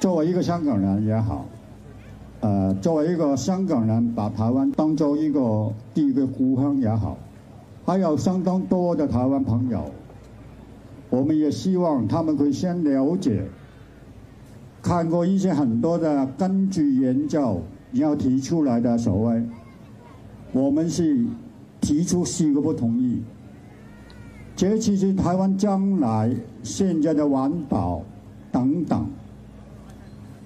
作為一個香港人也好，呃，作為一個香港人把台灣當作一個第一個故鄉也好，還有相當多的台灣朋友，我們也希望他們可以先了解，看過一些很多的根據研究你要提出來的所謂，我們是提出四個不同意，這其實台灣將來現在的環保等等。